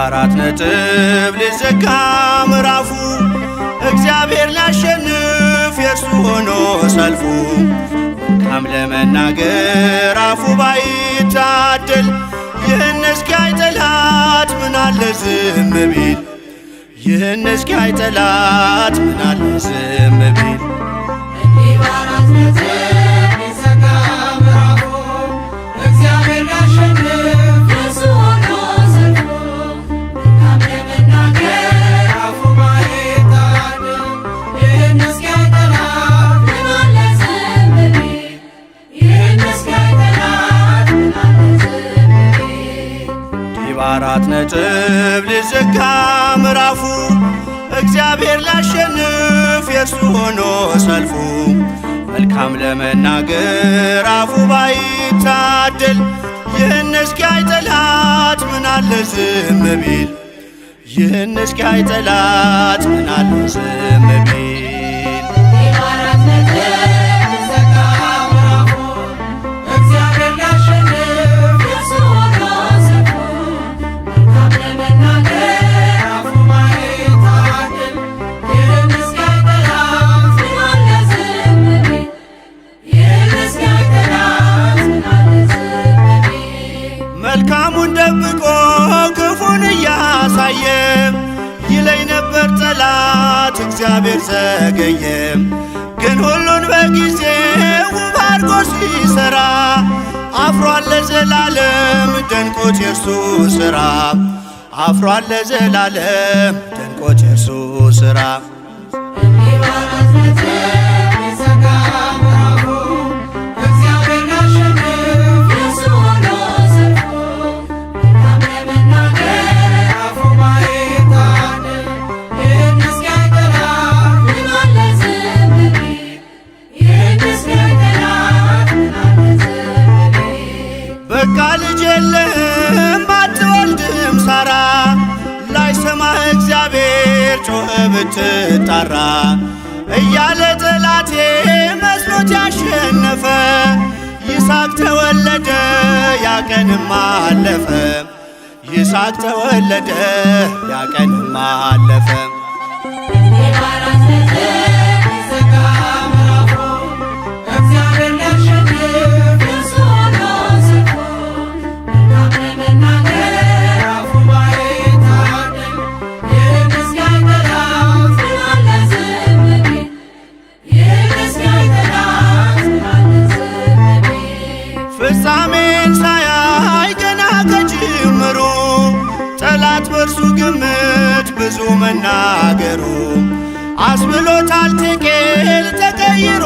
በአራት ነጥብ ሊዘጋ ምዕራፉ እግዚአብሔር ላሸንፍ የእርሱ ሆኖ ሰልፉ መልካም ለመናገር አፉ ባይታደል ይህን እስኪያይ ጠላት ምናለ ዝም ቢል ይህን እስኪያይ ጠላት ምናለ ዝም ቢል አራት ነጥብ ልዘጋ ምዕራፉ እግዚአብሔር ላሸንፍ የእርሱ ሆኖ ሰልፉ መልካም ለመናገር አፉ ባይታደል ይህን እስኪያይ ጠላት ምናለ ዝም ቢል ይህን እስኪያይ ጠላት ምናለ ዝም ቢል እግዚአብሔር ዘገየም፣ ግን ሁሉን በጊዜው ውብ አድርጎ ሲሠራ አፍሯል ለዘላለም ደንቆች የእርሱ ሥራ አፍሯል ለዘላለም ደንቆች የእርሱ ሥራ የለም ባትወልድም ሳራ ላይሰማህ እግዚአብሔር ጮኸ ብትጣራ እያለ መስሎት ያሸነፈ ተወለደ ያቀንም አለፈ ተወለደ ያቀንም አለፈ ጠላት በእርሱ ግምት ብዙ መናገሩ አስብሎታል ቴቄል ተቀይሮ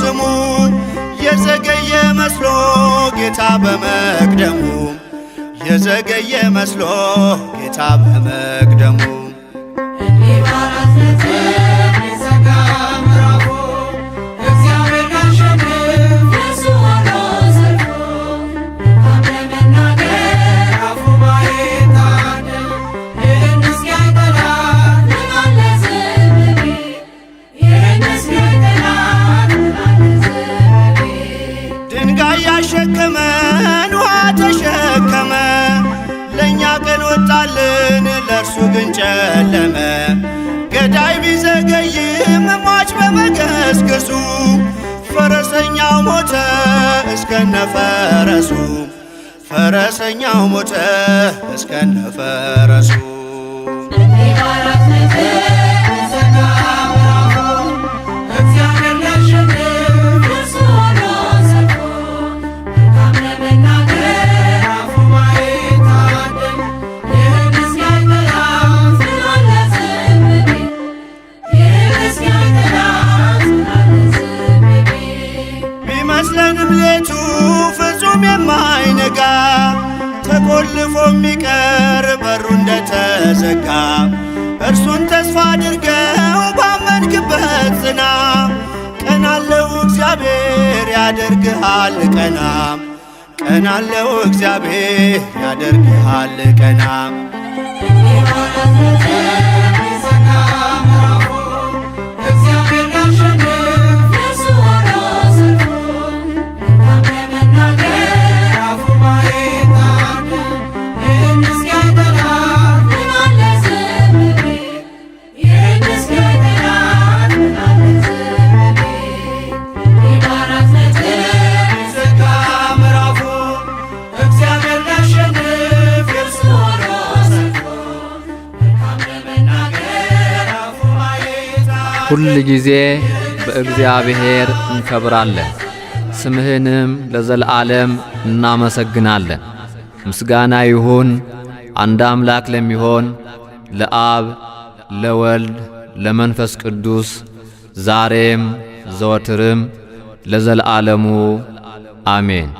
ስሙ የዘገየ መስሎ ጌታ በመቅደሙ የዘገየ መስሎ ጌታ በመቅደሙ ፊታችን ጨለመ። ገዳይ ቢዘገይም ሟች በመገስገሱ ፈረሰኛው ሞተ እስከነፈረሱ ፈረሰኛው ሞተ እስከነፈረሱ ቀንም ሌቱ ፍጹም የማይነጋ ተቆልፎ የሚቀር በሩ እንደተዘጋ እርሱን ተስፋ አድርገው ባመንክበት ጽና። ቀናለው እግዚአብሔር ያደርግሃል ቀና ቀናለው እግዚአብሔር ያደርግሃል ቀና ሁል ጊዜ በእግዚአብሔር እንከብራለን፣ ስምህንም ለዘለዓለም እናመሰግናለን። ምስጋና ይሁን አንድ አምላክ ለሚሆን ለአብ ለወልድ ለመንፈስ ቅዱስ ዛሬም ዘወትርም ለዘለዓለሙ አሜን።